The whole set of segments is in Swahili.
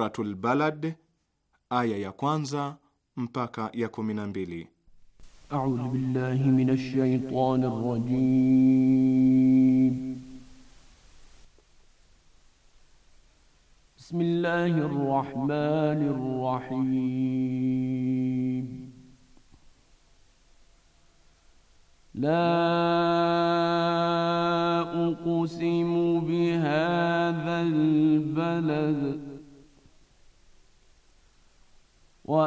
Suratul Balad aya ya kwanza mpaka ya kumi na mbili. A'udhu billahi minash shaitanir rajim. Bismillahir rahmanir rahim. لا أقسم بهذا البلد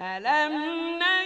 ألم نجعل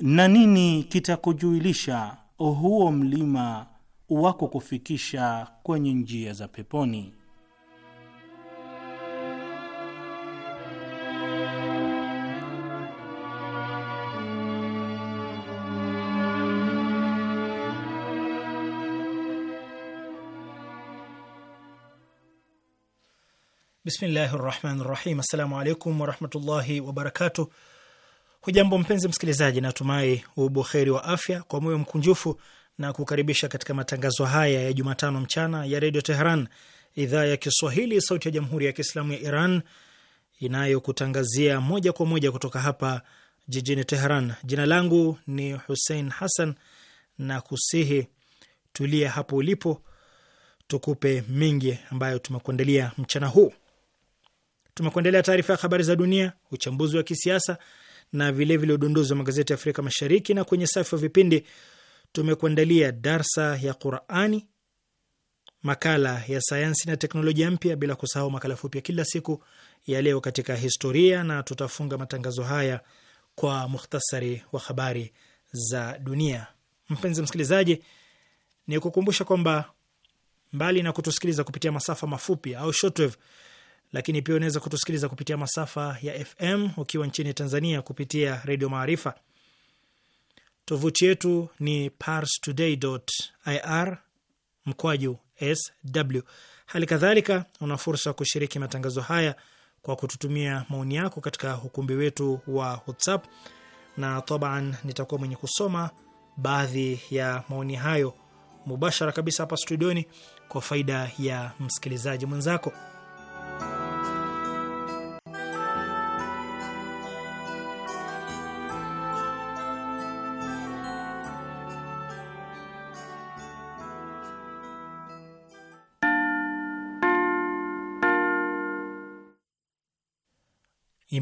na nini kitakujuilisha huo mlima wako kufikisha kwenye njia za peponi? Bismillahi rahmani rahim. Assalamu alaikum warahmatullahi wabarakatuh. Hujambo mpenzi msikilizaji, natumai ubuheri wa afya. Kwa moyo mkunjufu na kukaribisha katika matangazo haya ya Jumatano mchana ya redio Tehran, idhaa ya Kiswahili, sauti ya jamhuri ya kiislamu ya Iran, inayokutangazia moja kwa moja kutoka hapa jijini teheran Jina langu ni Hussein Hassan na kusihi tulia hapo ulipo, tukupe mingi ambayo tumekuandalia mchana huu. Tumekuandalia taarifa ya habari za dunia, uchambuzi wa kisiasa na vilevile udondozi wa magazeti ya Afrika Mashariki, na kwenye safu ya vipindi tumekuandalia darsa ya Qurani, makala ya sayansi na teknolojia mpya, bila kusahau makala fupi ya kila siku ya leo katika historia, na tutafunga matangazo haya kwa mukhtasari wa habari za dunia. Mpenzi msikilizaji, ni kukumbusha kwamba mbali na kutusikiliza kupitia masafa mafupi au shortwave lakini pia unaweza kutusikiliza kupitia masafa ya FM ukiwa nchini Tanzania kupitia Redio Maarifa. Tovuti yetu ni parstoday.ir mkwaju sw. Hali kadhalika una fursa ya kushiriki matangazo haya kwa kututumia maoni yako katika ukumbi wetu wa WhatsApp na taban, nitakuwa mwenye kusoma baadhi ya maoni hayo mubashara kabisa hapa studioni kwa faida ya msikilizaji mwenzako.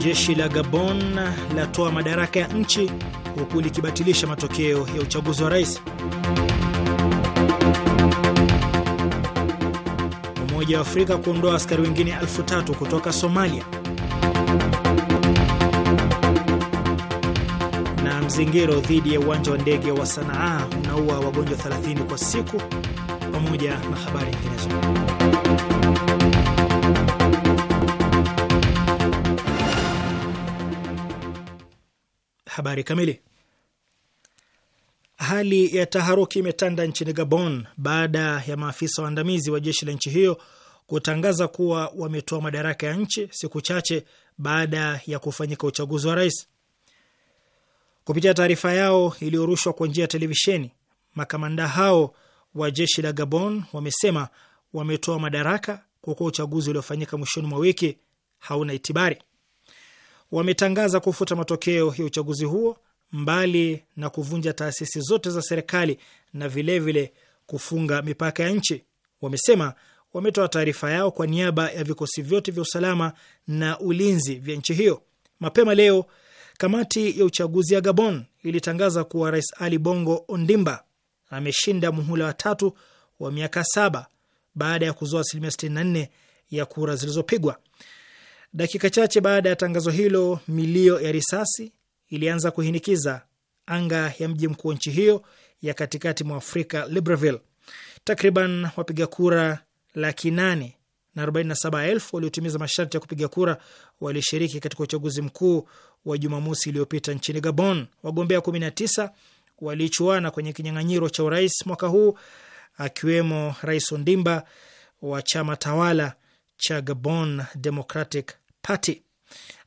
Jeshi la Gabon latoa madaraka ya nchi huku likibatilisha matokeo ya uchaguzi wa rais. Umoja wa Afrika kuondoa askari wengine elfu tatu kutoka Somalia. Na mzingiro dhidi ya uwanja wa ndege wa Sanaa unaua wagonjwa 30 kwa siku, pamoja na habari nyinginezo. Habari kamili. Hali ya taharuki imetanda nchini Gabon baada ya maafisa waandamizi wa jeshi la nchi hiyo kutangaza kuwa wametoa madaraka ya nchi siku chache baada ya kufanyika uchaguzi wa rais. Kupitia taarifa yao iliyorushwa kwa njia ya televisheni, makamanda hao wa jeshi la Gabon wamesema wametoa madaraka kwa kuwa uchaguzi uliofanyika mwishoni mwa wiki hauna itibari wametangaza kufuta matokeo ya uchaguzi huo, mbali na kuvunja taasisi zote za serikali na vilevile vile kufunga mipaka ya nchi. Wamesema wametoa taarifa yao kwa niaba ya vikosi vyote vya usalama na ulinzi vya nchi hiyo. Mapema leo kamati ya uchaguzi ya Gabon ilitangaza kuwa Rais Ali Bongo Ondimba ameshinda muhula wa tatu wa miaka saba baada ya kuzoa asilimia 64 ya kura zilizopigwa. Dakika chache baada ya tangazo hilo, milio ya risasi ilianza kuhinikiza anga ya mji mkuu wa nchi hiyo ya katikati mwa Afrika, Libreville. Takriban wapiga kura laki nane na arobaini na saba elfu waliotimiza masharti ya kupiga kura walishiriki katika uchaguzi mkuu wa Jumamosi iliyopita nchini Gabon. Wagombea kumi na tisa walichuana kwenye kinyang'anyiro cha urais mwaka huu, akiwemo Rais Ondimba wa chama tawala cha Gabon Democratic Party.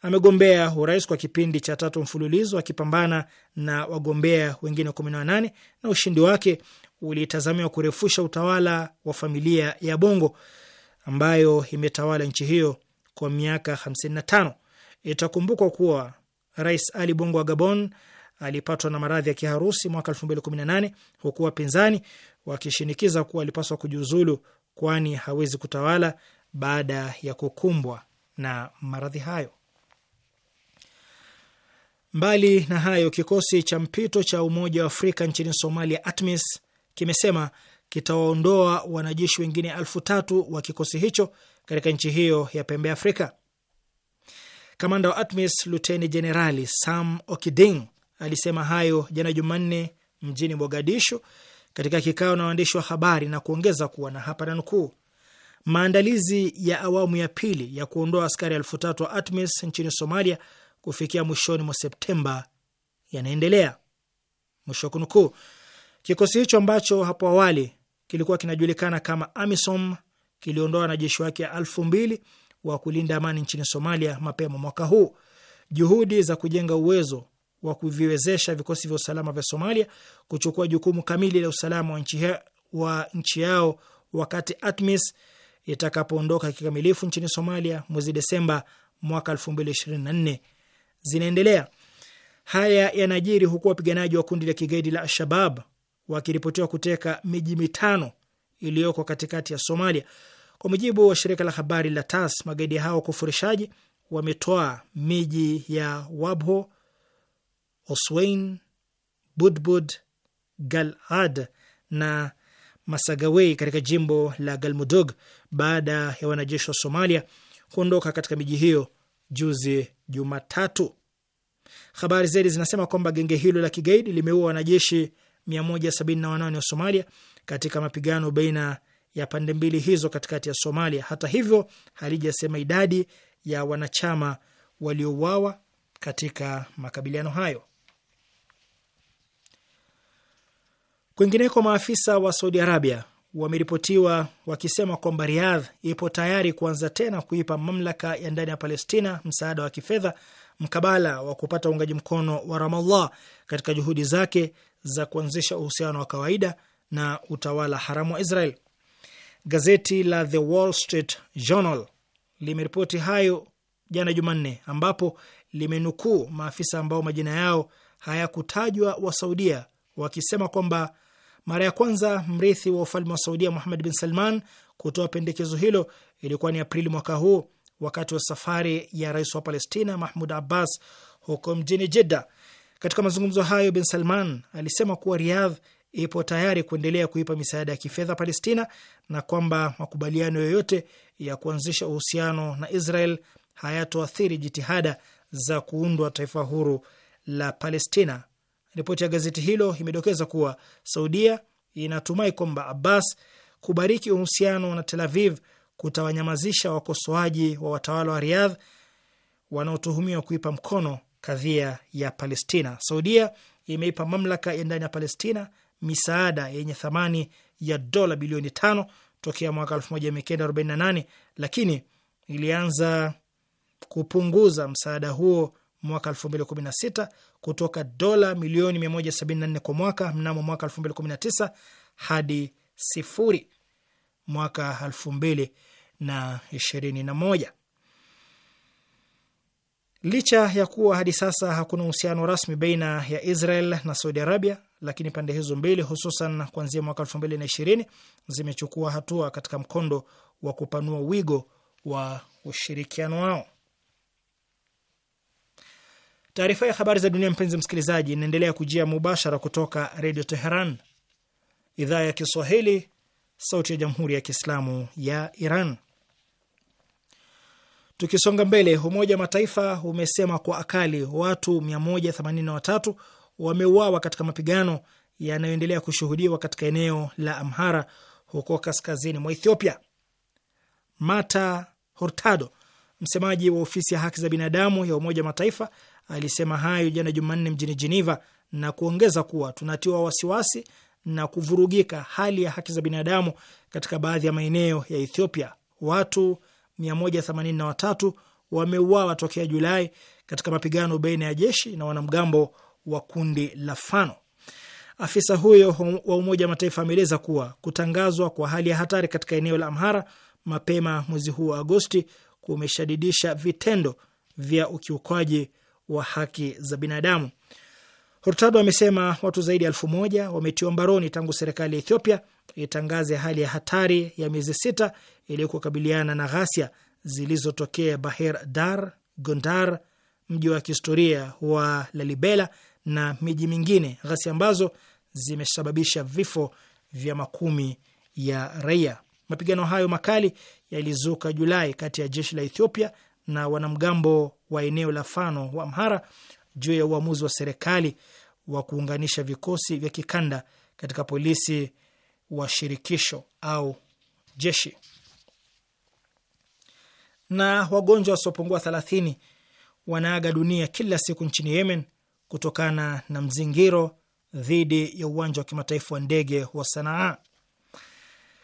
Amegombea urais kwa kipindi cha tatu mfululizo akipambana na wagombea wengine 18 na ushindi wake ulitazamiwa kurefusha utawala wa familia ya Bongo ambayo imetawala nchi hiyo kwa miaka 55. Itakumbukwa kuwa Rais Ali Bongo wa Gabon alipatwa na maradhi ya kiharusi mwaka 2018 huku wapinzani wakishinikiza kuwa alipaswa kujiuzulu kwani hawezi kutawala baada ya kukumbwa na maradhi hayo. Mbali na hayo, kikosi cha mpito cha Umoja wa Afrika nchini Somalia, ATMIS, kimesema kitawaondoa wanajeshi wengine elfu tatu wa kikosi hicho katika nchi hiyo ya pembe Afrika. Kamanda wa ATMIS Luteni Jenerali Sam Okiding alisema hayo jana Jumanne mjini Mogadishu katika kikao na waandishi wa habari na kuongeza kuwa na hapa na nukuu Maandalizi ya awamu ya pili ya kuondoa askari elfu tatu wa ATMIS nchini Somalia kufikia mwishoni mwa Septemba yanaendelea. Mwisho kunukuu. Kikosi hicho ambacho hapo awali kilikuwa kinajulikana kama AMISOM kiliondoa wanajeshi wake elfu mbili wa kulinda amani nchini Somalia mapema mwaka huu. Juhudi za kujenga uwezo wa kuviwezesha vikosi vya usalama vya Somalia kuchukua jukumu kamili la usalama wa nchi, wa nchi yao wakati ATMIS itakapoondoka kikamilifu nchini Somalia mwezi Desemba mwaka elfu mbili ishirini na nne zinaendelea. Haya yanajiri huku wapiganaji wa kundi la kigaidi la Alshabab wakiripotiwa kuteka miji mitano iliyoko katikati ya Somalia. Kwa mujibu wa shirika la habari la TAS, magaidi hao kufurishaji wametoa miji ya Wabho, Oswein, Budbud, Galad na Masagawei katika jimbo la Galmudug baada ya wanajeshi wa Somalia kuondoka katika miji hiyo juzi Jumatatu. Habari zaidi zinasema kwamba genge hilo la kigaidi limeua wanajeshi 178 wa Somalia katika mapigano baina ya pande mbili hizo katikati ya Somalia. Hata hivyo, halijasema idadi ya wanachama waliouawa katika makabiliano hayo. Kwingineko, maafisa wa Saudi Arabia wameripotiwa wakisema kwamba Riyadh ipo tayari kuanza tena kuipa mamlaka ya ndani ya Palestina msaada wa kifedha mkabala wa kupata uungaji mkono wa Ramallah katika juhudi zake za kuanzisha uhusiano wa kawaida na utawala haramu wa Israel. Gazeti la The Wall Street Journal limeripoti hayo jana Jumanne, ambapo limenukuu maafisa ambao majina yao hayakutajwa wa Saudia wakisema kwamba mara ya kwanza mrithi wa ufalme wa Saudia Muhammad bin Salman kutoa pendekezo hilo ilikuwa ni Aprili mwaka huu wakati wa safari ya rais wa Palestina Mahmud Abbas huko mjini Jidda. Katika mazungumzo hayo, bin Salman alisema kuwa Riyadh ipo tayari kuendelea kuipa misaada ya kifedha Palestina na kwamba makubaliano yoyote ya kuanzisha uhusiano na Israel hayatoathiri jitihada za kuundwa taifa huru la Palestina. Ripoti ya gazeti hilo imedokeza kuwa Saudia inatumai kwamba Abbas kubariki uhusiano na Tel Aviv kutawanyamazisha wakosoaji wa watawala wa Riyadh wanaotuhumiwa kuipa mkono kadhia ya Palestina. Saudia imeipa mamlaka ya ndani ya Palestina misaada yenye thamani ya dola bilioni tano tokea mwaka 1948 lakini ilianza kupunguza msaada huo mwaka 2016 kutoka dola milioni 174 kwa mwaka mnamo mwaka 2019 hadi sifuri mwaka 2021. Licha ya kuwa hadi sasa hakuna uhusiano rasmi baina ya Israel na Saudi Arabia, lakini pande hizo mbili, hususan kuanzia mwaka 2020 zimechukua hatua katika mkondo wa kupanua wigo wa ushirikiano wao. Taarifa ya habari za dunia, mpenzi msikilizaji, inaendelea kujia mubashara kutoka Redio Teheran, idhaa ya Kiswahili, sauti ya jamhuri ya kiislamu ya Iran. Tukisonga mbele, Umoja wa Mataifa umesema kwa akali watu 183 wameuawa katika mapigano yanayoendelea kushuhudiwa katika eneo la Amhara huko kaskazini mwa Ethiopia. Mata Hurtado, msemaji wa ofisi ya haki za binadamu ya Umoja wa Mataifa, alisema hayo jana Jumanne mjini Geneva na kuongeza kuwa tunatiwa wasiwasi na kuvurugika hali ya haki za binadamu katika baadhi ya maeneo ya Ethiopia. Watu 183 wameuawa tokea Julai katika mapigano baina ya jeshi na wanamgambo wa kundi la Fano. Afisa huyo wa Umoja wa Mataifa ameeleza kuwa kutangazwa kwa hali ya hatari katika eneo la Amhara mapema mwezi huu wa Agosti kumeshadidisha vitendo vya ukiukwaji wa haki za binadamu. Hurtado amesema watu zaidi ya elfu moja wametiwa mbaroni tangu serikali ya Ethiopia itangaze hali ya hatari ya miezi sita ili kukabiliana na ghasia zilizotokea Baher Dar, Gondar, mji wa kihistoria wa Lalibela na miji mingine, ghasia ambazo zimesababisha vifo vya makumi ya raia. Mapigano hayo makali yalizuka Julai kati ya jeshi la Ethiopia na wanamgambo wa eneo la Fano wa Amhara juu ya uamuzi wa serikali wa kuunganisha vikosi vya kikanda katika polisi wa shirikisho au jeshi. Na wagonjwa wasiopungua thelathini wanaaga dunia kila siku nchini Yemen kutokana na mzingiro dhidi ya uwanja wa kimataifa wa ndege wa Sanaa.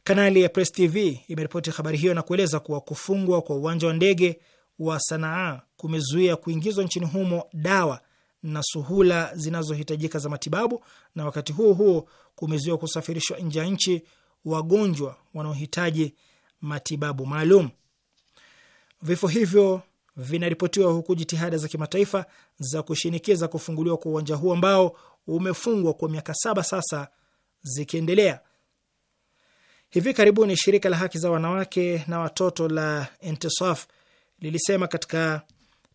Kanali ya Press TV imeripoti habari hiyo na kueleza kuwa kufungwa kwa uwanja wa ndege wa Sanaa kumezuia kuingizwa nchini humo dawa na suhula zinazohitajika za matibabu, na wakati huo huo kumezuia kusafirishwa nje ya nchi wagonjwa wanaohitaji matibabu maalum. Vifo hivyo vinaripotiwa huku jitihada za kimataifa za kushinikiza kufunguliwa kwa uwanja huo ambao umefungwa kwa miaka saba sasa zikiendelea. Hivi karibuni shirika la haki za wanawake na watoto la Intisaf lilisema katika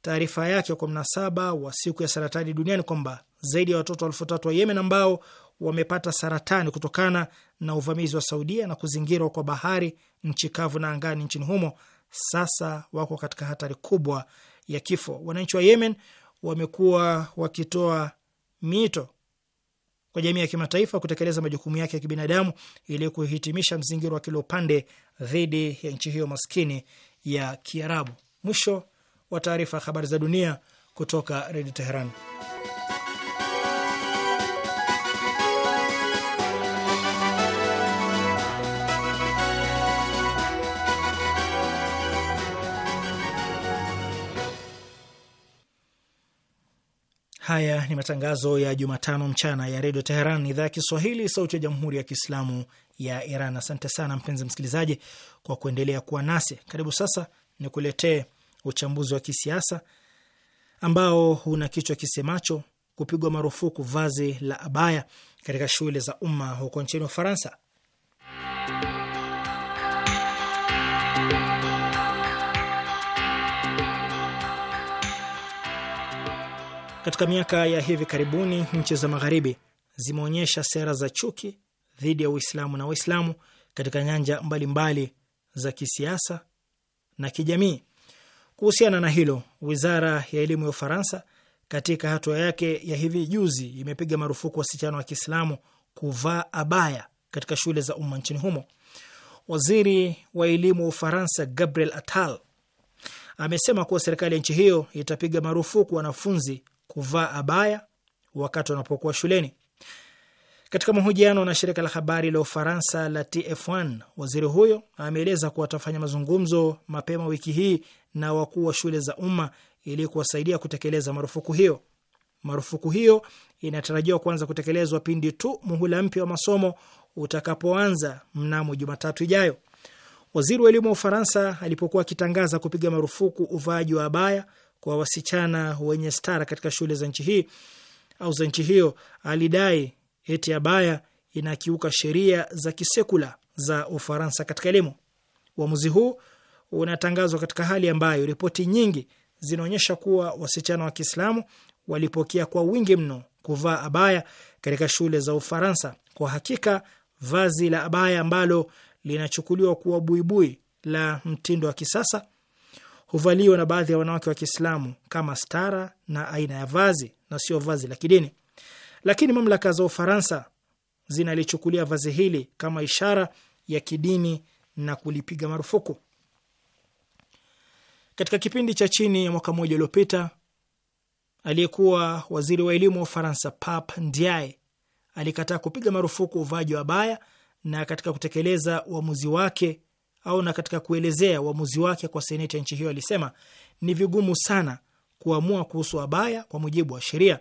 taarifa yake kwa mnasaba wa siku ya saratani duniani kwamba zaidi ya watoto elfu tatu wa Yemen ambao wamepata saratani kutokana na uvamizi wa Saudia na kuzingirwa kwa bahari, nchi kavu na angani nchini humo sasa wako katika hatari kubwa ya kifo. Wananchi wa Yemen wamekuwa wakitoa mito kwa jamii ya kimataifa kutekeleza majukumu yake ya kibinadamu ili kuhitimisha mzingiro wa kila upande dhidi ya nchi hiyo maskini ya Kiarabu. Mwisho wa taarifa ya habari za dunia kutoka Redio Teheran. Haya ni matangazo ya Jumatano mchana ya redio Teheran, idhaa ya Kiswahili, sauti ya jamhuri ya kiislamu ya Iran. Asante sana mpenzi msikilizaji kwa kuendelea kuwa nasi. Karibu sasa ni kuletee uchambuzi wa kisiasa ambao una kichwa kisemacho kupigwa marufuku vazi la abaya katika shule za umma huko nchini Ufaransa. Katika miaka ya hivi karibuni, nchi za Magharibi zimeonyesha sera za chuki dhidi ya Uislamu na Waislamu katika nyanja mbalimbali mbali za kisiasa na kijamii. Kuhusiana na hilo, wizara ya elimu ya Ufaransa katika hatua yake ya hivi juzi imepiga marufuku wasichana wa Kiislamu kuvaa abaya katika shule za umma nchini humo. Waziri wa elimu wa Ufaransa Gabriel Attal amesema kuwa serikali ya nchi hiyo itapiga marufuku wanafunzi kuvaa abaya wakati wanapokuwa shuleni. Katika mahojiano na shirika la habari la Ufaransa la TF1, waziri huyo ameeleza kuwa atafanya mazungumzo mapema wiki hii na wakuu wa shule za umma ili kuwasaidia kutekeleza marufuku hiyo. Marufuku hiyo inatarajiwa kuanza kutekelezwa pindi tu muhula mpya wa masomo utakapoanza mnamo Jumatatu ijayo. Waziri wa elimu wa Ufaransa alipokuwa akitangaza kupiga marufuku uvaaji wa abaya kwa wasichana wenye stara katika shule za nchi hii au za nchi hiyo, alidai eti abaya inakiuka sheria za kisekula za Ufaransa katika elimu. Uamuzi huu unatangazwa katika hali ambayo ripoti nyingi zinaonyesha kuwa wasichana wa Kiislamu walipokea kwa wingi mno kuvaa abaya katika shule za Ufaransa. Kwa hakika vazi la abaya ambalo linachukuliwa kuwa buibui la mtindo wa kisasa huvaliwa na baadhi ya wanawake wa Kiislamu kama stara na aina ya vazi na sio vazi la kidini, lakini mamlaka za Ufaransa zinalichukulia vazi hili kama ishara ya kidini na kulipiga marufuku. Katika kipindi cha chini ya mwaka mmoja uliopita, aliyekuwa waziri wa elimu wa Ufaransa Pap Ndiaye alikataa kupiga marufuku uvaaji wa baya, na katika kutekeleza uamuzi wake au na katika kuelezea uamuzi wake kwa seneti ya nchi hiyo alisema, ni vigumu sana kuamua kuhusu abaya kwa mujibu wa sheria.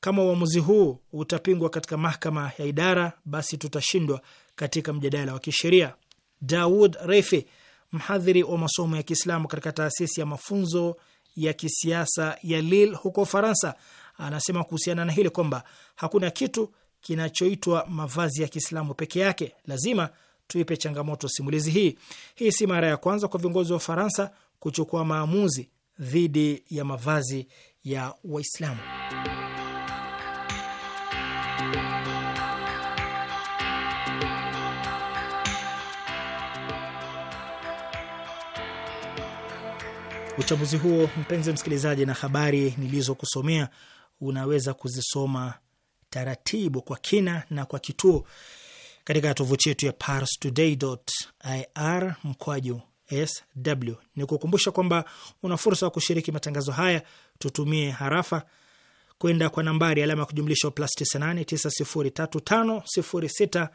Kama uamuzi huu utapingwa katika mahakama ya idara, basi tutashindwa katika mjadala wa kisheria. Daud Refe mhadhiri wa masomo ya Kiislamu katika taasisi ya mafunzo ya kisiasa ya Lille huko Ufaransa, anasema kuhusiana na hili kwamba hakuna kitu kinachoitwa mavazi ya Kiislamu peke yake, lazima tuipe changamoto simulizi hii. Hii si mara ya kwanza kwa viongozi wa Ufaransa kuchukua maamuzi dhidi ya mavazi ya Waislamu. Uchambuzi huo mpenzi msikilizaji, na habari nilizokusomea unaweza kuzisoma taratibu kwa kina na kwa kituo katika tovuti yetu ya parstoday.ir mkwaju sw. Ni kukumbusha kwamba una fursa ya kushiriki matangazo haya, tutumie harafa kwenda kwa nambari alama ya kujumlisha plus 989035065487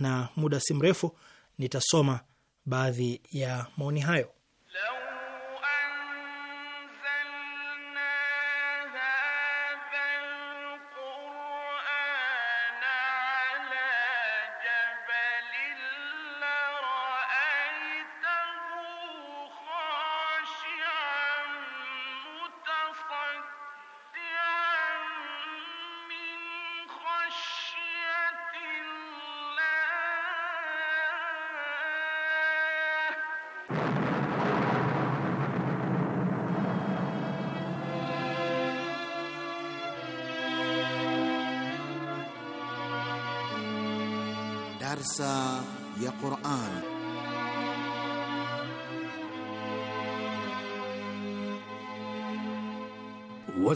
na muda si mrefu nitasoma baadhi ya maoni hayo.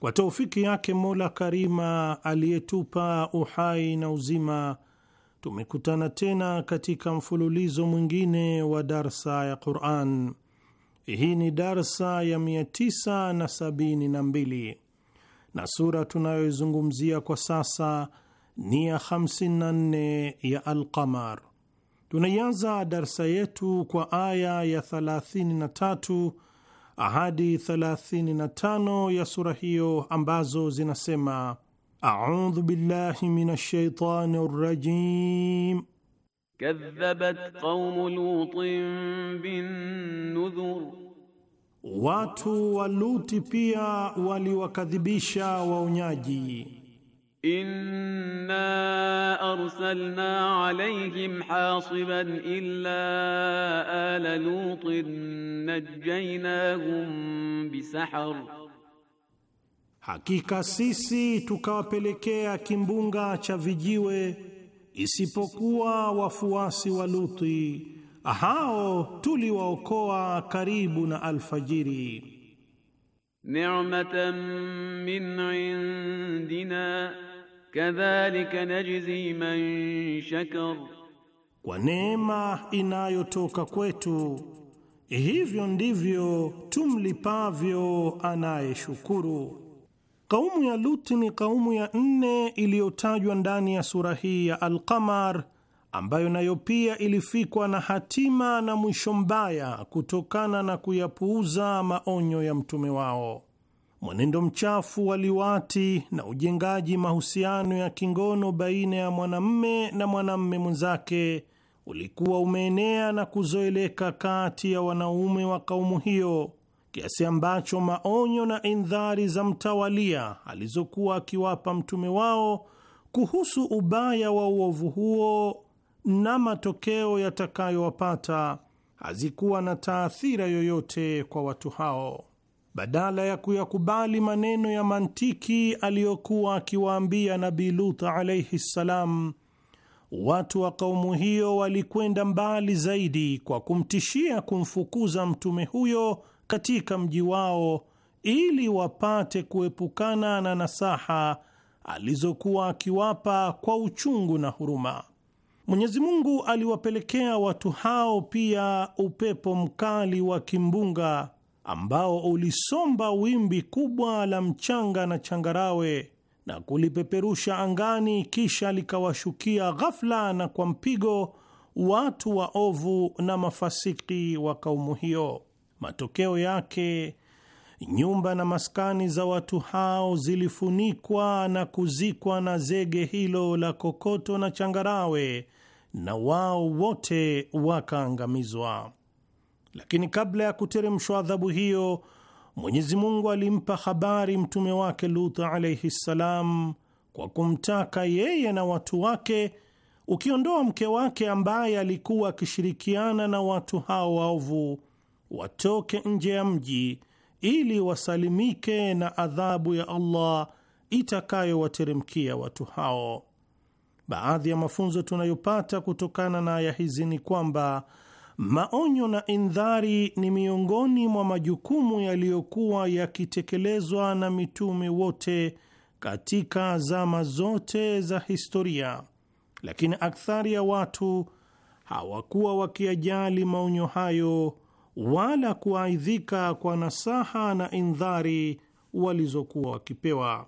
kwa taufiki yake Mola Karima aliyetupa uhai na uzima, tumekutana tena katika mfululizo mwingine wa darsa ya Quran. Hii ni darsa ya 972 na, na sura tunayoizungumzia kwa sasa ni ya 54 ya Alqamar. Tunaianza darsa yetu kwa aya ya 33 ahadi 35 ya sura hiyo ambazo zinasema: audhu billahi minash shaitani rajim, kadhabat qaumu lutin bin nudhur, watu wa Luti pia waliwakadhibisha waonyaji Inna arsalna alayhim hasiban illa ala lutin najaynahum bisahar, hakika sisi tukawapelekea kimbunga cha vijiwe isipokuwa wafuasi wa Luti, hao tuliwaokoa karibu na alfajiri. Ni'matan min indina kadhalika najzi man shakar, kwa neema inayotoka kwetu, hivyo ndivyo tumlipavyo anayeshukuru. Kaumu ya Lut ni kaumu ya nne iliyotajwa ndani ya sura hii ya alqamar ambayo nayo pia ilifikwa na hatima na mwisho mbaya kutokana na kuyapuuza maonyo ya mtume wao mwenendo mchafu wa liwati na ujengaji mahusiano ya kingono baina ya mwanamme na mwanamme mwenzake ulikuwa umeenea na kuzoeleka kati ya wanaume wa kaumu hiyo, kiasi ambacho maonyo na indhari za mtawalia alizokuwa akiwapa mtume wao kuhusu ubaya wa uovu huo na matokeo yatakayowapata hazikuwa na taathira yoyote kwa watu hao badala ya kuyakubali maneno ya mantiki aliyokuwa akiwaambia Nabii Lut alaihi ssalam, watu wa kaumu hiyo walikwenda mbali zaidi kwa kumtishia kumfukuza mtume huyo katika mji wao ili wapate kuepukana na nasaha alizokuwa akiwapa kwa uchungu na huruma. Mwenyezi Mungu aliwapelekea watu hao pia upepo mkali wa kimbunga ambao ulisomba wimbi kubwa la mchanga na changarawe na kulipeperusha angani, kisha likawashukia ghafla na kwa mpigo watu waovu na mafasiki wa kaumu hiyo. Matokeo yake nyumba na maskani za watu hao zilifunikwa na kuzikwa na zege hilo la kokoto na changarawe, na wao wote wakaangamizwa. Lakini kabla ya kuteremshwa adhabu hiyo, Mwenyezi Mungu alimpa habari mtume wake Lut alaihi ssalam, kwa kumtaka yeye na watu wake, ukiondoa mke wake ambaye alikuwa akishirikiana na watu hao waovu, watoke nje ya mji ili wasalimike na adhabu ya Allah itakayowateremkia watu hao. Baadhi ya mafunzo tunayopata kutokana na aya hizi ni kwamba Maonyo na indhari ni miongoni mwa majukumu yaliyokuwa yakitekelezwa na mitume wote katika zama zote za historia, lakini akthari ya watu hawakuwa wakiyajali maonyo hayo wala kuaidhika kwa nasaha na indhari walizokuwa wakipewa.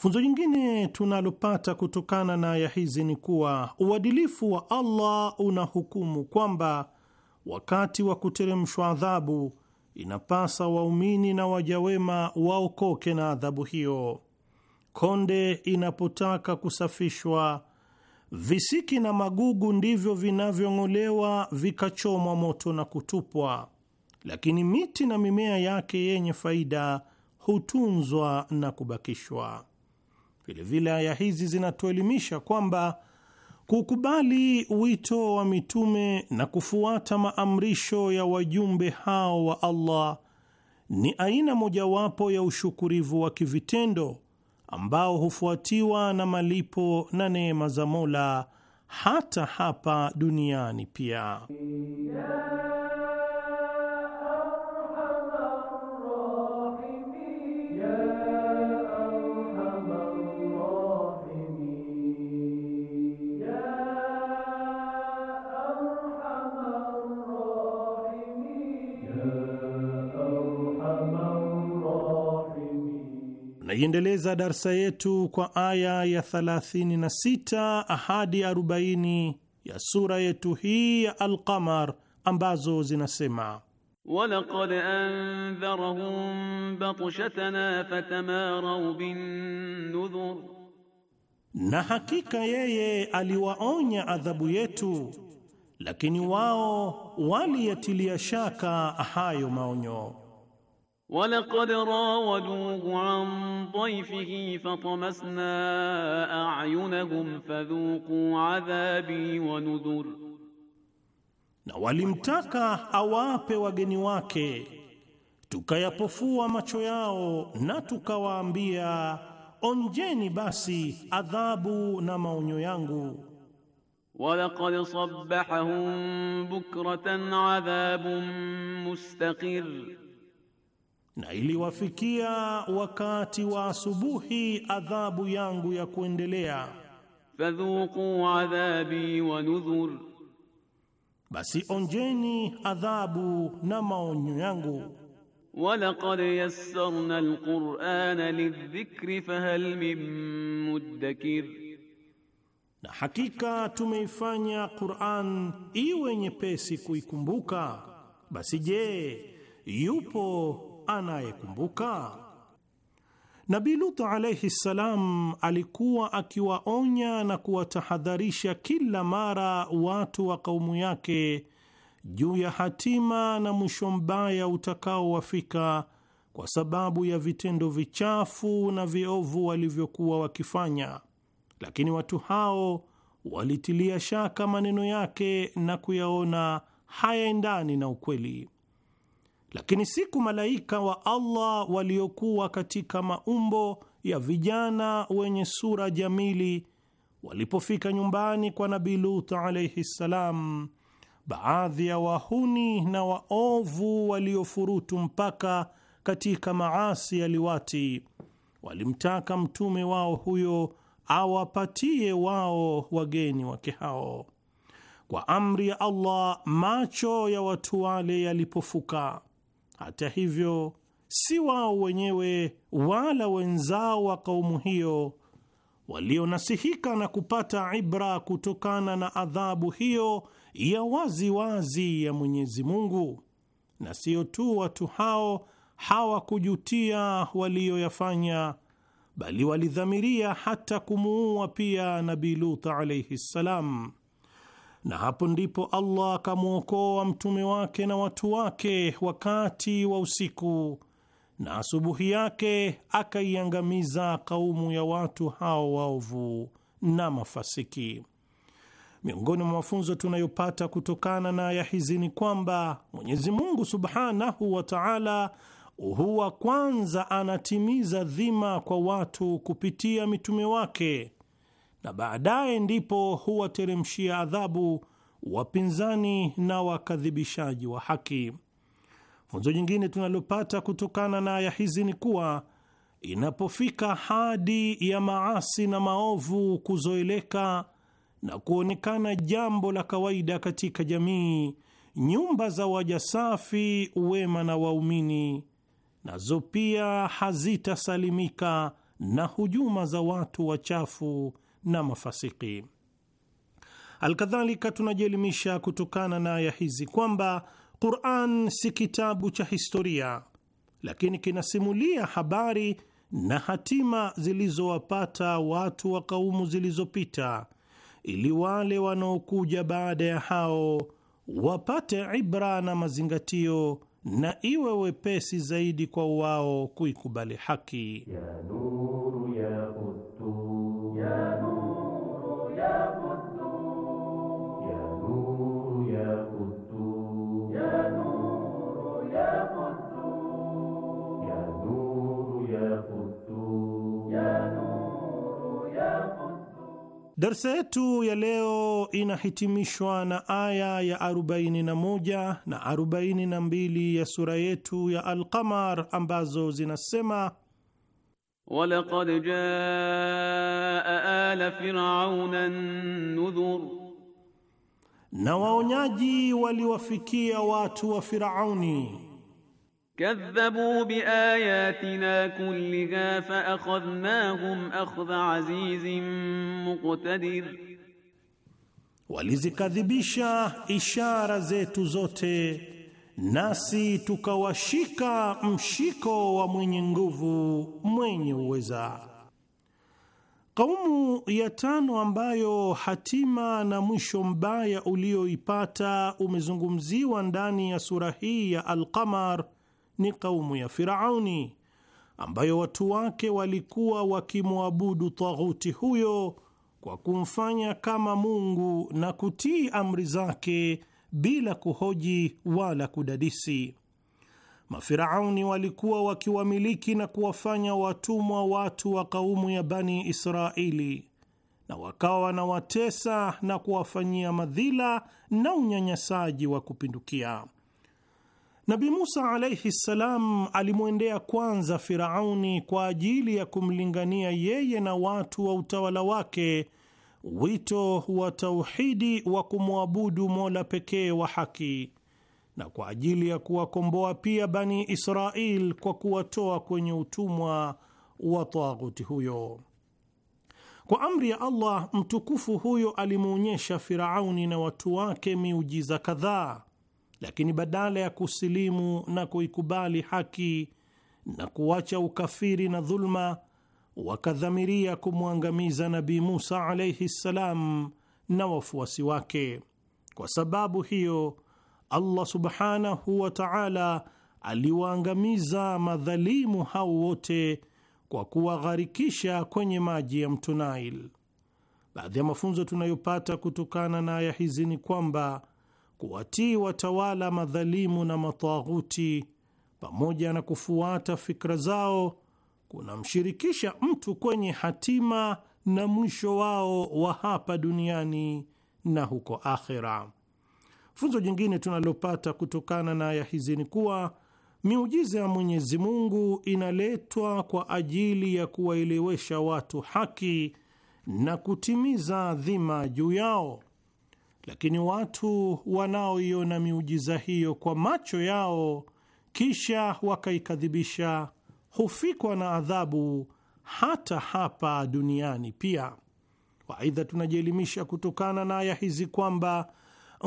Funzo jingine tunalopata kutokana na aya hizi ni kuwa uadilifu wa Allah unahukumu kwamba wakati wa kuteremshwa adhabu inapasa waumini na wajawema waokoke na adhabu hiyo. Konde inapotaka kusafishwa, visiki na magugu ndivyo vinavyong'olewa vikachomwa moto na kutupwa, lakini miti na mimea yake yenye faida hutunzwa na kubakishwa. Vilevile aya hizi zinatuelimisha kwamba kukubali wito wa mitume na kufuata maamrisho ya wajumbe hao wa Allah ni aina mojawapo ya ushukurivu wa kivitendo ambao hufuatiwa na malipo na neema za Mola hata hapa duniani pia yeah. Tunaiendeleza darsa yetu kwa aya ya 36 hadi 40 ya sura yetu hii ya Alqamar ambazo zinasema Walaqad andharahum batshatana fatamarau binnudhur, na hakika yeye aliwaonya adhabu yetu, lakini wao waliyatilia shaka hayo maonyo. Walaqad rawaduhu an dhayfihi fatamasna a'yunahum fadhuqu adhabi wa nudhur, na walimtaka awape wageni wake, tukayapofua macho yao na tukawaambia onjeni basi adhabu na maonyo yangu. Walaqad sabbahum bukratan adhabun mustaqir na iliwafikia wakati wa asubuhi adhabu yangu ya kuendelea. Fadhuqu adhabi wa nudhur, basi onjeni adhabu na maonyo yangu. laqad yassarna alqur'ana lidhikri fahal min muddakir, na hakika tumeifanya Qur'an iwe nyepesi kuikumbuka, basi je, yupo anayekumbuka? nabi Lut alaihi ssalam alikuwa akiwaonya na kuwatahadharisha kila mara watu wa kaumu yake juu ya hatima na mwisho mbaya utakaowafika kwa sababu ya vitendo vichafu na viovu walivyokuwa wakifanya, lakini watu hao walitilia shaka maneno yake na kuyaona hayaendani na ukweli. Lakini siku malaika wa Allah waliokuwa katika maumbo ya vijana wenye sura jamili walipofika nyumbani kwa nabi Lut alaihi ssalam, baadhi ya wahuni na waovu waliofurutu mpaka katika maasi ya liwati walimtaka mtume wao huyo awapatie wao wageni wake hao. Kwa amri ya Allah, macho ya watu wale yalipofuka hata hivyo, si wao wenyewe wala wenzao wa kaumu hiyo walionasihika na kupata ibra kutokana na adhabu hiyo ya wazi wazi ya Mwenyezi Mungu, na sio tu watu hao hawakujutia walioyafanya, bali walidhamiria hata kumuua pia Nabii Lut alaihi ssalam na hapo ndipo Allah akamwokoa mtume wake na watu wake wakati wa usiku, na asubuhi yake akaiangamiza kaumu ya watu hao waovu na mafasiki. Miongoni mwa mafunzo tunayopata kutokana na aya hizi ni kwamba Mwenyezi Mungu subhanahu wa taala huwa kwanza anatimiza dhima kwa watu kupitia mitume wake na baadaye ndipo huwateremshia adhabu wapinzani na wakadhibishaji wa haki. Funzo jingine tunalopata kutokana na aya hizi ni kuwa inapofika hadi ya maasi na maovu kuzoeleka na kuonekana jambo la kawaida katika jamii, nyumba za waja safi wema na waumini nazo pia hazitasalimika na hujuma za watu wachafu na mafasiki. Alkadhalika, tunajielimisha kutokana na aya hizi kwamba Quran si kitabu cha historia, lakini kinasimulia habari na hatima zilizowapata watu wa kaumu zilizopita, ili wale wanaokuja baada ya hao wapate ibra na mazingatio na iwe wepesi zaidi kwa wao kuikubali haki ya nuru ya utu, ya nuru. Darsa yetu ya leo inahitimishwa na aya ya 41 na 42 ya sura yetu ya alqamar ambazo zinasema ولقد جاء آل فرعون النذر na waonyaji waliwafikia watu wa Firauni kadhabu biayatina kulliha fa akhadhnahum akhdha azizin muqtadir, walizikadhibisha ishara zetu zote nasi tukawashika mshiko wa mwenye nguvu mwenye uweza. Kaumu ya tano ambayo hatima na mwisho mbaya ulioipata umezungumziwa ndani ya sura hii ya alqamar ni kaumu ya Firauni ambayo watu wake walikuwa wakimwabudu taghuti huyo kwa kumfanya kama mungu na kutii amri zake bila kuhoji wala kudadisi. Mafirauni walikuwa wakiwamiliki na kuwafanya watumwa watu wa kaumu ya Bani Israeli, na wakawa wanawatesa na kuwafanyia madhila na unyanyasaji wa kupindukia. Nabi Musa alaihi ssalam alimwendea kwanza Firauni kwa ajili ya kumlingania yeye na watu wa utawala wake wito wa tauhidi wa kumwabudu Mola pekee wa haki na kwa ajili ya kuwakomboa pia Bani israel kwa kuwatoa kwenye utumwa wa taghuti huyo. Kwa amri ya Allah mtukufu, huyo alimwonyesha Firauni na watu wake miujiza kadhaa, lakini badala ya kusilimu na kuikubali haki na kuacha ukafiri na dhulma wakadhamiria kumwangamiza Nabii Musa alaihi ssalam na wafuasi wake. Kwa sababu hiyo, Allah subhanahu wa taala aliwaangamiza madhalimu hao wote kwa kuwagharikisha kwenye maji ya mto Nile. Baadhi ya mafunzo tunayopata kutokana na aya hizi ni kwamba kuwatii watawala madhalimu na mataghuti pamoja na kufuata fikra zao kunamshirikisha mtu kwenye hatima na mwisho wao wa hapa duniani na huko akhera. Funzo jingine tunalopata kutokana na aya hizi ni kuwa miujiza ya Mwenyezi Mungu inaletwa kwa ajili ya kuwaelewesha watu haki na kutimiza dhima juu yao, lakini watu wanaoiona miujiza hiyo kwa macho yao kisha wakaikadhibisha hufikwa na adhabu hata hapa duniani pia. waidha tunajielimisha kutokana na aya hizi kwamba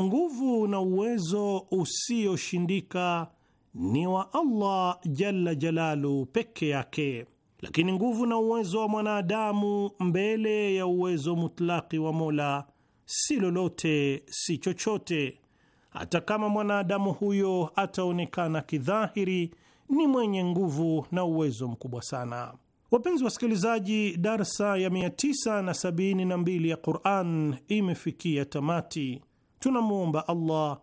nguvu na uwezo usioshindika ni wa Allah jalla jalalu peke yake, lakini nguvu na uwezo wa mwanadamu mbele ya uwezo mutlaki wa Mola si lolote, si chochote, hata kama mwanadamu huyo ataonekana kidhahiri ni mwenye nguvu na uwezo mkubwa sana. Wapenzi wasikilizaji, darsa ya 972 ya Quran imefikia tamati. Tunamwomba Allah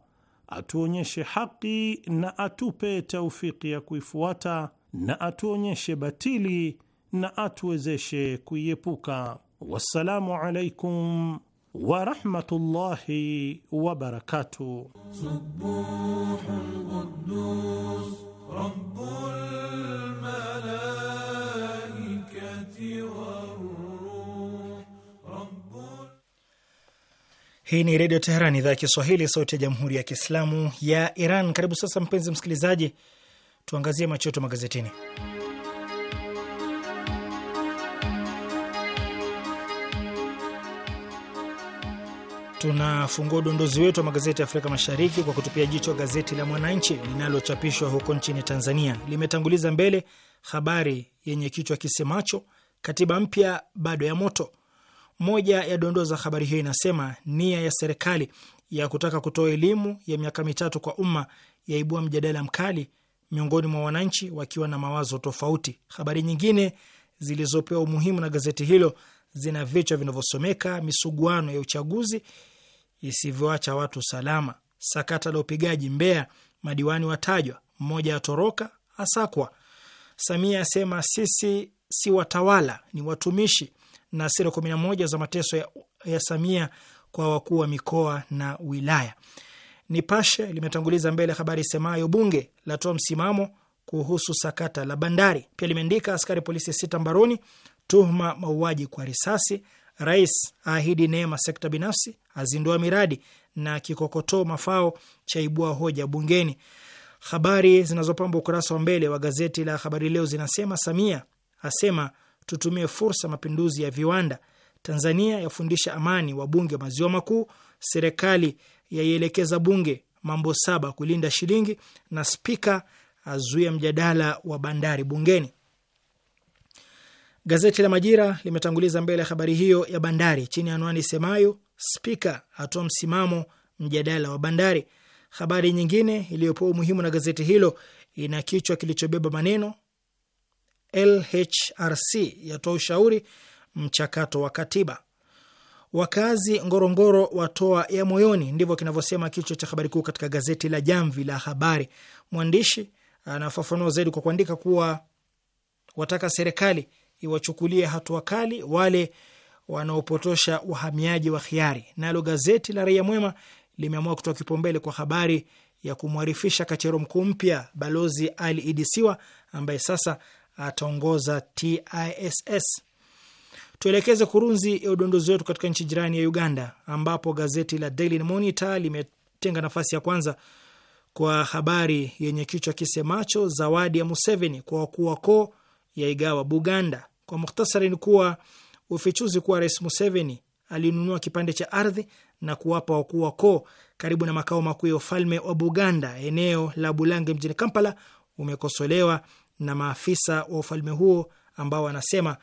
atuonyeshe haki na atupe taufiki ya kuifuata na atuonyeshe batili na atuwezeshe kuiepuka. Wassalamu alaikum warahmatullahi wabarakatuh. Hii ni Redio Teheran, idhaa ya Kiswahili, sauti ya Jamhuri ya Kiislamu ya Iran. Karibu sasa, mpenzi msikilizaji, tuangazie machoto magazetini. Tunafungua udondozi wetu wa magazeti ya Afrika Mashariki kwa kutupia jicho gazeti la Mwananchi linalochapishwa huko nchini Tanzania. Limetanguliza mbele habari yenye kichwa kisemacho katiba mpya bado ya moto. Moja ya dondoo za habari hiyo inasema nia ya serikali ya kutaka kutoa elimu ya miaka mitatu kwa umma yaibua mjadala mkali miongoni mwa wananchi wakiwa na mawazo tofauti. Habari nyingine zilizopewa umuhimu na gazeti hilo zina vichwa vinavyosomeka misuguano ya uchaguzi isivyoacha watu salama. Sakata la upigaji Mbeya, madiwani watajwa, mmoja atoroka asakwa. Samia asema sisi si watawala, ni watumishi. Na siri kumi na moja za mateso ya, ya Samia kwa wakuu wa mikoa na wilaya. Nipashe limetanguliza mbele habari semayo bunge latoa msimamo kuhusu sakata la bandari. Pia limeandika askari polisi sita mbaroni, tuhuma mauaji kwa risasi Rais aahidi neema sekta binafsi, azindua miradi na kikokotoo mafao chaibua hoja bungeni. Habari zinazopamba ukurasa wa mbele wa gazeti la Habari Leo zinasema Samia asema tutumie fursa mapinduzi ya viwanda, Tanzania yafundisha amani wabunge bunge maziwa makuu, serikali yaielekeza bunge mambo saba kulinda shilingi, na spika azuia mjadala wa bandari bungeni. Gazeti la Majira limetanguliza mbele ya habari hiyo ya bandari chini ya anwani semayo spika atoa msimamo mjadala wa bandari. Habari nyingine iliyopewa umuhimu na gazeti hilo ina kichwa kilichobeba maneno LHRC yatoa ushauri mchakato wa katiba, wakazi Ngorongoro watoa ya moyoni. Ndivyo kinavyosema kichwa cha habari kuu katika gazeti la Jamvi la Habari. Mwandishi anafafanua zaidi kwa kuandika kuwa wataka serikali iwachukulie hatua kali wale wanaopotosha uhamiaji wa hiari. Nalo gazeti la Raia Mwema limeamua kutoa kipaumbele kwa habari ya kumwarifisha kachero mkuu mpya Balozi Ali Idisiwa ambaye sasa ataongoza TISS. Tuelekeze kurunzi ya udondozi wetu katika nchi jirani ya Uganda, ambapo gazeti la Daily Monitor limetenga nafasi ya kwanza kwa habari yenye kichwa kisemacho zawadi ya Museveni kwa wakuu wa koo ya igawa Buganda. Kwa muhtasari, ni kuwa ufichuzi kuwa Rais Museveni alinunua kipande cha ardhi na kuwapa wakuu wa koo karibu na makao makuu ya ufalme wa Buganda eneo la Bulange mjini Kampala umekosolewa na maafisa wa ufalme huo ambao wanasema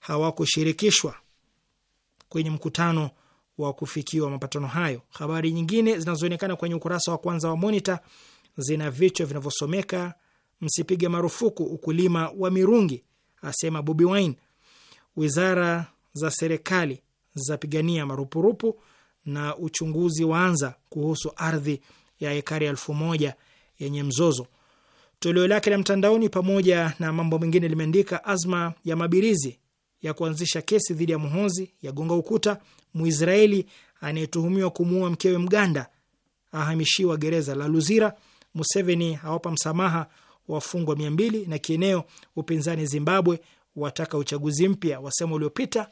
hawakushirikishwa kwenye mkutano wa kufikiwa mapatano hayo. Habari nyingine zinazoonekana kwenye ukurasa wa kwanza wa Monitor zina vichwa vinavyosomeka msipige marufuku ukulima wa mirungi, asema Bobi Wine. Wizara za serikali zapigania marupurupu na uchunguzi waanza kuhusu ardhi ya ekari elfu moja yenye mzozo. Toleo lake la mtandaoni pamoja na mambo mengine limeandika azma ya mabirizi ya kuanzisha kesi dhidi ya Muhozi yagonga ukuta, muisraeli anayetuhumiwa kumuua mkewe Mganda ahamishiwa gereza la Luzira, Museveni awapa msamaha wafungwa mia mbili na kieneo. Upinzani Zimbabwe wataka uchaguzi mpya, wasema uliopita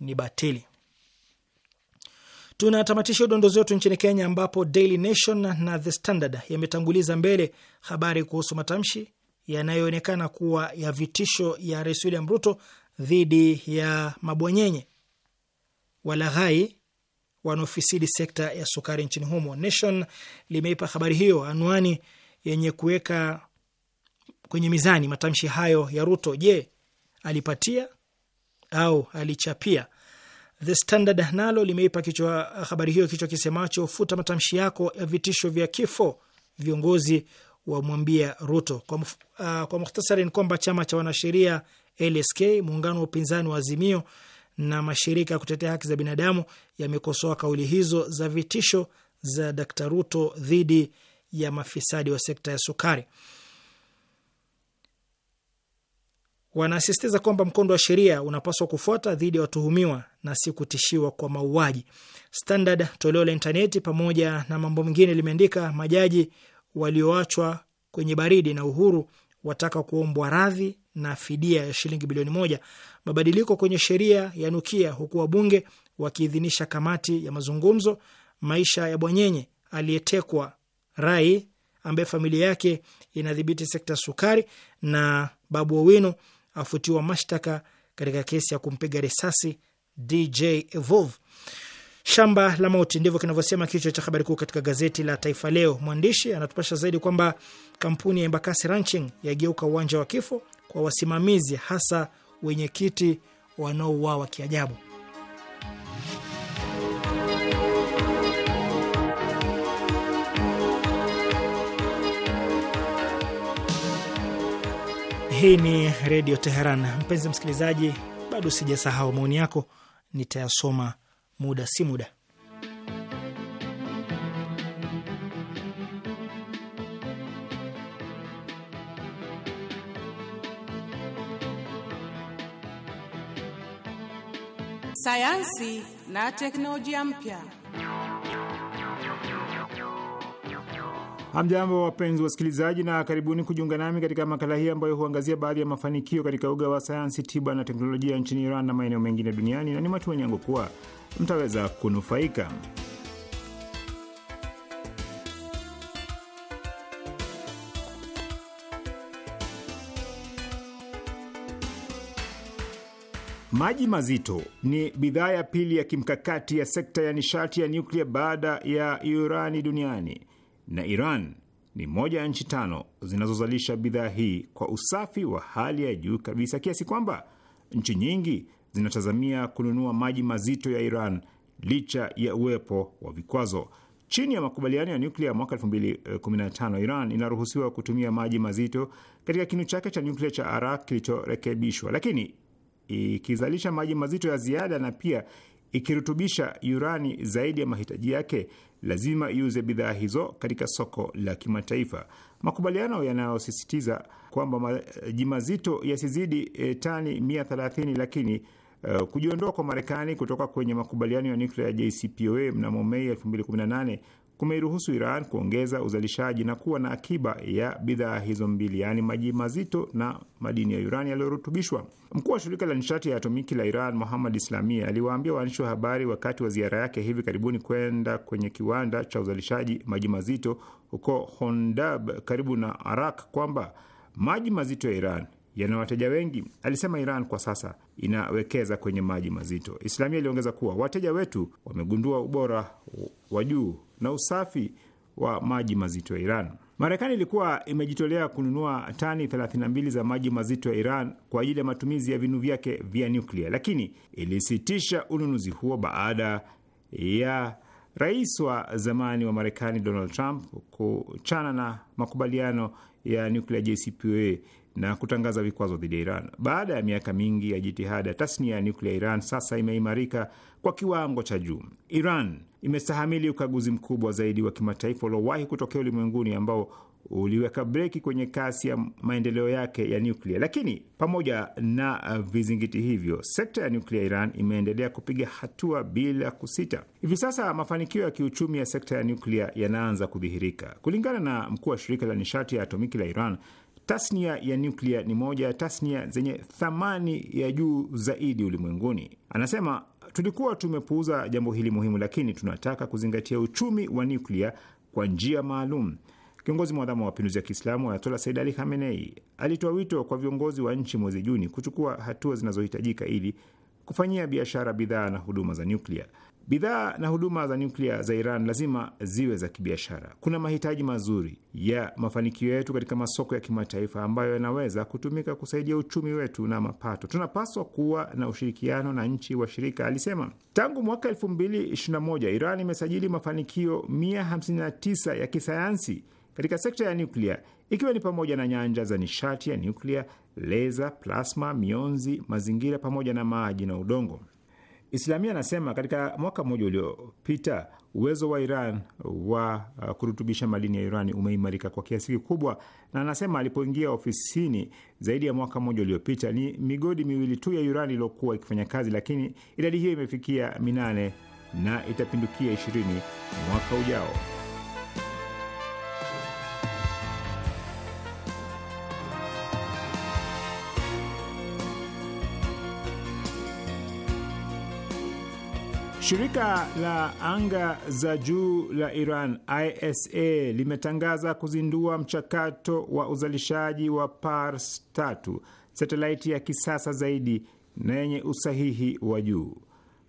ni batili. Tunatamatisha udondozi wetu nchini Kenya, ambapo Daily Nation na The Standard yametanguliza mbele habari kuhusu matamshi yanayoonekana kuwa ya vitisho ya Rais William Ruto dhidi ya mabwanyenye walaghai wanaofisidi sekta ya sukari nchini humo. Nation limeipa habari hiyo anwani yenye kuweka kwenye mizani matamshi hayo ya Ruto. Je, alipatia au alichapia? The Standard nalo limeipa kichwa habari hiyo kichwa kisemacho futa matamshi yako ya vitisho vya kifo, viongozi wamwambia Ruto. Kwa, mf, uh, kwa mukhtasari ni kwamba chama cha wanasheria LSK, muungano wa upinzani wa Azimio na mashirika ya kutetea haki za binadamu yamekosoa kauli hizo za vitisho za Dr. Ruto dhidi ya mafisadi wa sekta ya sukari. wanasisitiza kwamba mkondo wa sheria unapaswa kufuata dhidi ya watuhumiwa na si kutishiwa kwa mauaji. Standard toleo la intaneti, pamoja na mambo mengine, limeandika majaji walioachwa kwenye baridi na uhuru wataka kuombwa radhi na fidia ya shilingi bilioni moja. Mabadiliko kwenye sheria ya nukia, huku wabunge wakiidhinisha kamati ya mazungumzo. Maisha ya Bwanyenye aliyetekwa rai, ambaye familia yake inadhibiti sekta sukari, na Babu Owino afutiwa mashtaka katika kesi ya kumpiga risasi DJ Evolve. Shamba la mauti, ndivyo kinavyosema kichwa cha habari kuu katika gazeti la Taifa Leo. Mwandishi anatupasha zaidi kwamba kampuni ya Embakasi Ranching yageuka uwanja wa kifo kwa wasimamizi, hasa wenyekiti wanaouawa kiajabu. Hii ni Redio Teheran. Mpenzi msikilizaji, bado sijasahau maoni yako, nitayasoma muda si muda. Sayansi na teknolojia mpya. Hamjambo wapenzi wasikilizaji, na karibuni kujiunga nami katika makala hii ambayo huangazia baadhi ya mafanikio katika uga wa sayansi, tiba na teknolojia nchini Iran na maeneo mengine duniani, na ni matumaini yangu kuwa mtaweza kunufaika. Maji mazito ni bidhaa ya pili ya kimkakati ya sekta ya nishati ya nyuklia baada ya urani duniani na Iran ni moja ya nchi tano zinazozalisha bidhaa hii kwa usafi wa hali ya juu kabisa, kiasi kwamba nchi nyingi zinatazamia kununua maji mazito ya Iran licha ya uwepo wa vikwazo. Chini ya makubaliano ya nyuklia ya mwaka 2015 eh, Iran inaruhusiwa kutumia maji mazito katika kinu chake cha nyuklia cha Arak kilichorekebishwa, lakini ikizalisha maji mazito ya ziada na pia ikirutubisha urani zaidi ya mahitaji yake, lazima iuze bidhaa hizo katika soko la kimataifa. Makubaliano yanayosisitiza kwamba maji mazito yasizidi e, tani thelathini, lakini e, kujiondoa kwa Marekani kutoka kwenye makubaliano ya nyuklia ya JCPOA mnamo Mei 2018 kumeiruhusu Iran kuongeza uzalishaji na kuwa na akiba ya bidhaa hizo mbili, yaani maji mazito na madini ya urani yaliyorutubishwa. Mkuu wa shirika la nishati ya atomiki la Iran, Muhammad Islami, aliwaambia waandishi wa habari wakati wa ziara yake hivi karibuni kwenda kwenye kiwanda cha uzalishaji maji mazito huko Hondab karibu na Arak kwamba maji mazito ya Iran yana wateja wengi. Alisema Iran kwa sasa inawekeza kwenye maji mazito. Islamia aliongeza kuwa wateja wetu wamegundua ubora wa juu na usafi wa maji mazito ya Iran. Marekani ilikuwa imejitolea kununua tani 32 za maji mazito ya Iran kwa ajili ya matumizi ya vinu vyake vya nyuklia, lakini ilisitisha ununuzi huo baada ya rais wa zamani wa Marekani Donald Trump kuchana na makubaliano ya nyuklia JCPOA na kutangaza vikwazo dhidi ya Iran. Baada ya miaka mingi ya jitihada, tasnia ya nyuklia ya Iran sasa imeimarika kwa kiwango cha juu. Iran imestahamili ukaguzi mkubwa zaidi wa kimataifa uliowahi kutokea ulimwenguni ambao uliweka breki kwenye kasi ya maendeleo yake ya nyuklia. Lakini pamoja na uh, vizingiti hivyo, sekta ya nyuklia ya Iran imeendelea kupiga hatua bila kusita. Hivi sasa mafanikio ya kiuchumi ya sekta ya nyuklia yanaanza kudhihirika. Kulingana na mkuu wa shirika la nishati ya atomiki la Iran, tasnia ya nyuklia ni moja ya tasnia zenye thamani ya juu zaidi ulimwenguni. Anasema Tulikuwa tumepuuza jambo hili muhimu, lakini tunataka kuzingatia uchumi wa nuklia kwa njia maalum. Kiongozi mwadhamu wa mapinduzi ya Kiislamu Ayatola Said Ali Khamenei alitoa wito kwa viongozi wa nchi mwezi Juni kuchukua hatua zinazohitajika ili kufanyia biashara bidhaa na huduma za nyuklia. Bidhaa na huduma za nyuklia za Iran lazima ziwe za kibiashara. Kuna mahitaji mazuri ya mafanikio yetu katika masoko ya kimataifa ambayo yanaweza kutumika kusaidia uchumi wetu na mapato. Tunapaswa kuwa na ushirikiano na nchi washirika, alisema. Tangu mwaka 2021 Iran imesajili mafanikio 159 ya kisayansi katika sekta ya nyuklia, ikiwa ni pamoja na nyanja za nishati ya nyuklia, leza, plasma, mionzi, mazingira pamoja na maji na udongo. Islamia anasema katika mwaka mmoja uliopita uwezo wa Iran wa uh, kurutubisha madini ya irani umeimarika kwa kiasi kikubwa, na anasema alipoingia ofisini zaidi ya mwaka mmoja uliopita ni migodi miwili tu ya irani iliyokuwa ikifanya kazi, lakini idadi hiyo imefikia minane na itapindukia ishirini mwaka ujao. Shirika la anga za juu la Iran ISA limetangaza kuzindua mchakato wa uzalishaji wa Pars tatu, satelaiti ya kisasa zaidi na yenye usahihi wa juu.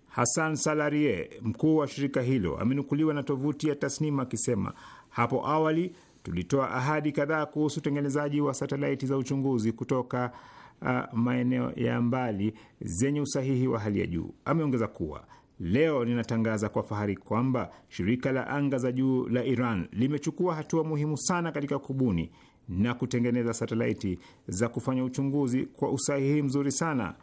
Hassan Salarie, mkuu wa shirika hilo, amenukuliwa na tovuti ya Tasnim akisema hapo awali tulitoa ahadi kadhaa kuhusu utengenezaji wa satelaiti za uchunguzi kutoka uh, maeneo ya mbali zenye usahihi wa hali ya juu. Ameongeza kuwa Leo ninatangaza kwa fahari kwamba shirika la anga za juu la Iran limechukua hatua muhimu sana katika kubuni na kutengeneza satelaiti za kufanya uchunguzi kwa usahihi mzuri sana.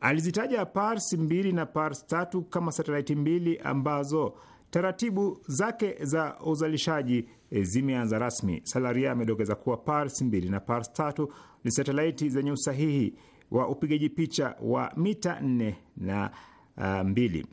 Alizitaja Pars mbili na Pars tatu kama satelaiti mbili ambazo taratibu zake za uzalishaji e, zimeanza rasmi. Salaria amedokeza kuwa Pars mbili na Pars tatu ni satelaiti zenye usahihi wa upigaji picha wa mita nne na uh, mbili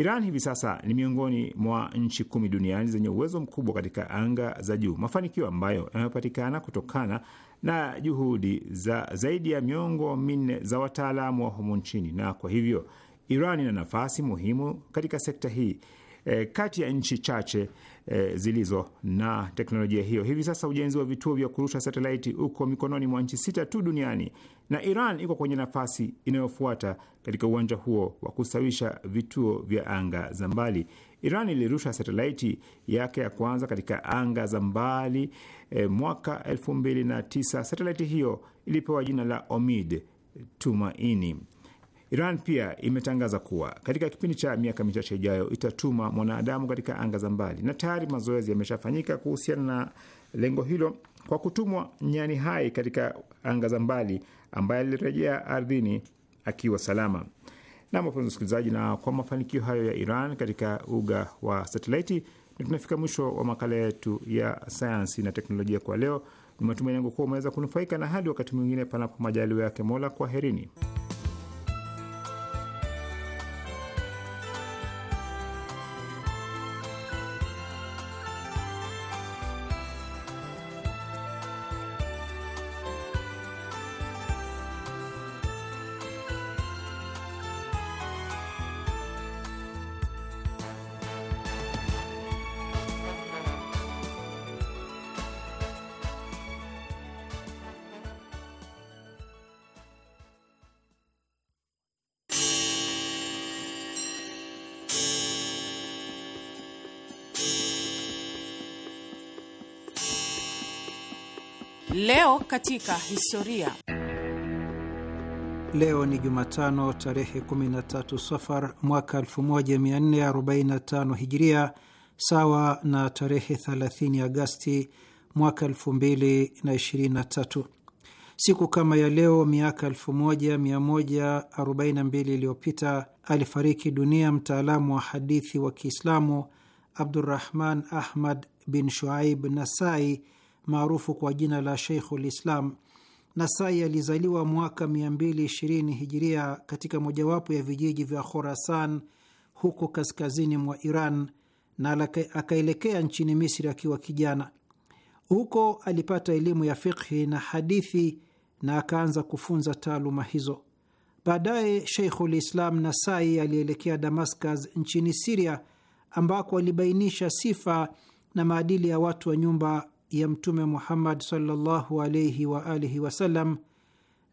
Iran hivi sasa ni miongoni mwa nchi kumi duniani zenye uwezo mkubwa katika anga za juu, mafanikio ambayo yamepatikana kutokana na juhudi za zaidi ya miongo minne za wataalamu wa humu nchini, na kwa hivyo Iran ina nafasi muhimu katika sekta hii e, kati ya nchi chache e, zilizo na teknolojia hiyo. Hivi sasa ujenzi wa vituo vya kurusha satelaiti uko mikononi mwa nchi sita tu duniani na Iran iko kwenye nafasi inayofuata katika uwanja huo wa kusawisha vituo vya anga za mbali. Iran ilirusha satelaiti yake ya kwanza katika anga za mbali e, mwaka elfu mbili na tisa. Satelaiti hiyo ilipewa jina la Omid Tumaini. Iran pia imetangaza kuwa katika kipindi cha miaka michache ijayo itatuma mwanadamu katika anga za mbali, na tayari mazoezi yameshafanyika kuhusiana na lengo hilo kwa kutumwa nyani hai katika anga za mbali ambaye alirejea ardhini akiwa salama. Na wapenzi wasikilizaji, na kwa mafanikio hayo ya Iran katika uga wa satelaiti, na tunafika mwisho wa makala yetu ya sayansi na teknolojia kwa leo. Ni matumaini yangu kuwa umeweza kunufaika, na hadi wakati mwingine, panapo majaliwa yake Mola, kwaherini. Leo katika historia. Leo ni Jumatano tarehe 13 Safar mwaka 1445 Hijiria, sawa na tarehe 30 Agasti mwaka 2023. Siku kama ya leo miaka 1142 iliyopita alifariki dunia mtaalamu wa hadithi wa Kiislamu Abdurrahman Ahmad bin Shuaib Nasai maarufu kwa jina la Sheikhul Islam. Nasai alizaliwa mwaka 220 hijiria katika mojawapo ya vijiji vya Khorasan huko kaskazini mwa Iran na akaelekea nchini Misri akiwa kijana. Huko alipata elimu ya fikhi na hadithi na akaanza kufunza taaluma hizo. Baadaye Sheikhul Islam Nasai alielekea Damascus nchini Siria ambako alibainisha sifa na maadili ya watu wa nyumba ya Mtume Muhammad sallallahu alaihi wa alihi wasallam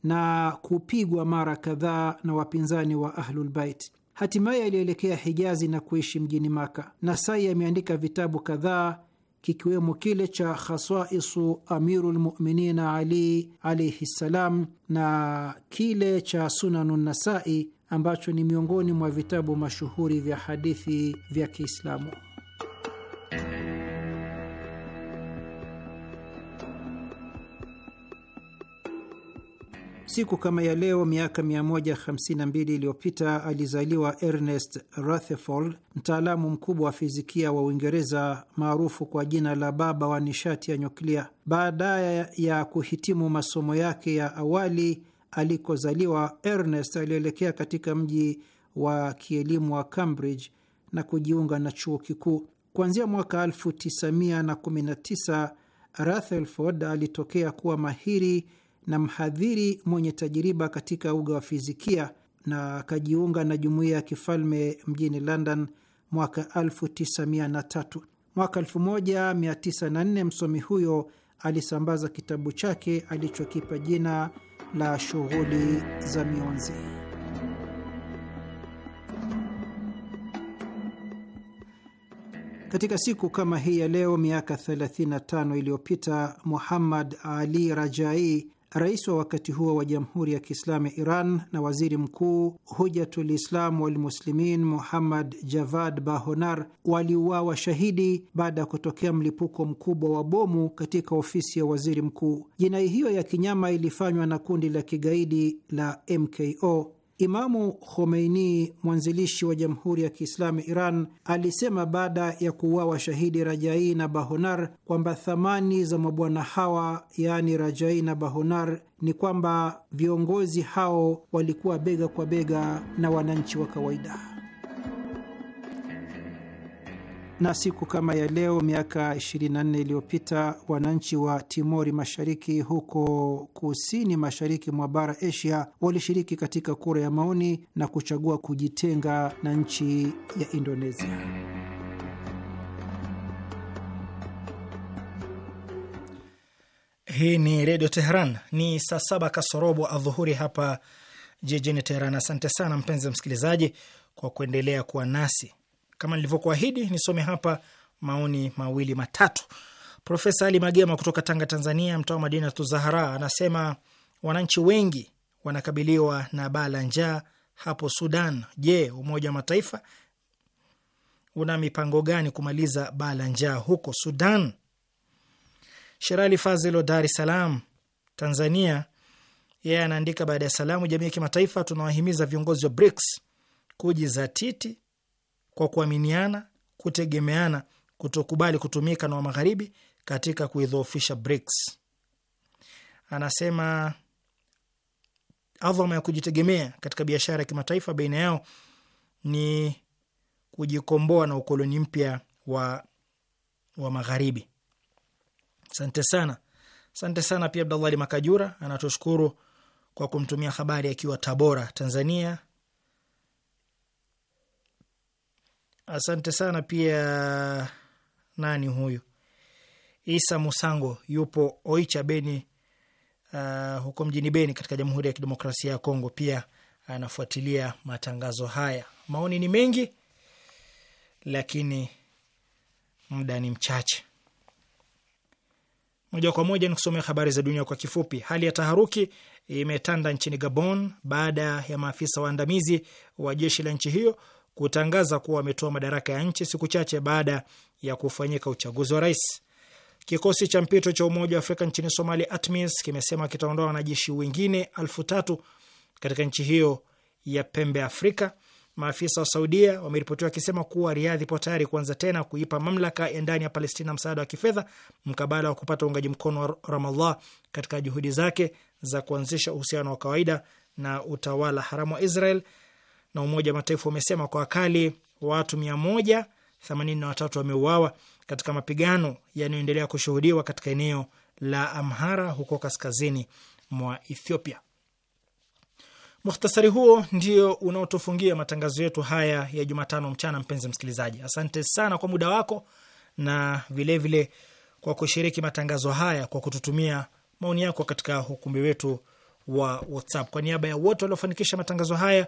na kupigwa mara kadhaa na wapinzani wa Ahlulbait. Hatimaye alielekea Hijazi na kuishi mjini Maka. Nasai ameandika vitabu kadhaa kikiwemo kile cha khasaisu Amirulmuminina Ali alaihi ssalam na kile cha Sunanu Nasai ambacho ni miongoni mwa vitabu mashuhuri vya hadithi vya Kiislamu. Siku kama ya leo miaka 152 iliyopita alizaliwa Ernest Rutherford, mtaalamu mkubwa wa fizikia wa Uingereza maarufu kwa jina la baba wa nishati ya nyuklia. Baada ya kuhitimu masomo yake ya awali alikozaliwa, Ernest alielekea katika mji wa kielimu wa Cambridge na kujiunga na chuo kikuu. Kuanzia mwaka 1919 Rutherford alitokea kuwa mahiri na mhadhiri mwenye tajiriba katika uga wa fizikia na akajiunga na jumuiya ya kifalme mjini London mwaka 1903. Mwaka 1904 msomi huyo alisambaza kitabu chake alichokipa jina la Shughuli za Mionzi. Katika siku kama hii ya leo miaka 35 iliyopita Muhammad Ali Rajai rais wa wakati huo wa Jamhuri ya Kiislamu ya Iran na waziri mkuu Hujatul Islam Walmuslimin Muhammad Javad Bahonar waliuawa shahidi baada ya kutokea mlipuko mkubwa wa bomu katika ofisi ya waziri mkuu. Jinai hiyo ya kinyama ilifanywa na kundi la kigaidi la MKO. Imamu Khomeini, mwanzilishi wa Jamhuri ya Kiislamu Iran, alisema baada ya kuuawa shahidi Rajai na Bahonar kwamba thamani za mabwana hawa, yaani Rajai na Bahonar, ni kwamba viongozi hao walikuwa bega kwa bega na wananchi wa kawaida na siku kama ya leo miaka 24 iliyopita wananchi wa Timori Mashariki huko kusini mashariki mwa bara Asia walishiriki katika kura ya maoni na kuchagua kujitenga na nchi ya Indonesia. Hii ni Redio Teheran. Ni saa saba kasorobo adhuhuri hapa jijini Teheran. Asante sana mpenzi msikilizaji kwa kuendelea kuwa nasi. Kama nilivyokuahidi, nisome hapa maoni mawili matatu. Profesa Ali Magema kutoka Tanga, Tanzania, mtaa wa Madina Tuzahara, anasema wananchi wengi wanakabiliwa na baa la njaa hapo Sudan. Je, Umoja wa Mataifa una mipango gani kumaliza baa la njaa huko Sudan? Sherali Fazilo, Dar es Salaam, Tanzania, yeye anaandika baada ya salamu, jamii ya kimataifa tunawahimiza viongozi wa BRICS kujizatiti kwa kuaminiana, kutegemeana, kutokubali kutumika na wa magharibi katika kuidhoofisha BRICS. Anasema adhama ya kujitegemea katika biashara ya kimataifa baina yao ni kujikomboa na ukoloni mpya wa, wa magharibi. Asante sana, asante sana. Pia Abdallah Ali Makajura anatushukuru kwa kumtumia habari akiwa Tabora, Tanzania, Asante sana pia. Nani huyu? Isa Musango yupo Oicha Beni, uh, huko mjini Beni katika Jamhuri ya Kidemokrasia ya Kongo, pia anafuatilia matangazo haya. Maoni ni mengi, lakini muda ni mchache. Moja kwa moja ni kusomea habari za dunia kwa kifupi. Hali ya taharuki imetanda nchini Gabon baada ya maafisa waandamizi wa jeshi la nchi hiyo kutangaza kuwa wametoa madaraka ya nchi siku chache baada ya kufanyika uchaguzi wa rais. Kikosi cha mpito cha Umoja wa Afrika nchini Somalia, ATMIS, kimesema kitaondoa wanajeshi wengine elfu tatu katika nchi hiyo ya pembe Afrika. Maafisa wa Saudia wameripotiwa wakisema kuwa Riadhi ipo tayari kuanza tena kuipa mamlaka ya ndani ya Palestina msaada wa kifedha mkabala wa kupata uungaji mkono wa Ramallah katika juhudi zake za kuanzisha uhusiano wa kawaida na utawala haramu wa Israel na Umoja wa Mataifa umesema kwa akali watu mia moja themanini na watatu wameuawa katika mapigano yanayoendelea kushuhudiwa katika eneo la Amhara huko kaskazini mwa Ethiopia. Muhtasari huo ndio unaotufungia matangazo yetu haya ya Jumatano mchana. Mpenzi msikilizaji, asante sana kwa muda wako na vilevile vile kwa kushiriki matangazo haya kwa kututumia maoni yako katika ukumbi wetu wa WhatsApp. Kwa niaba ya wote waliofanikisha matangazo haya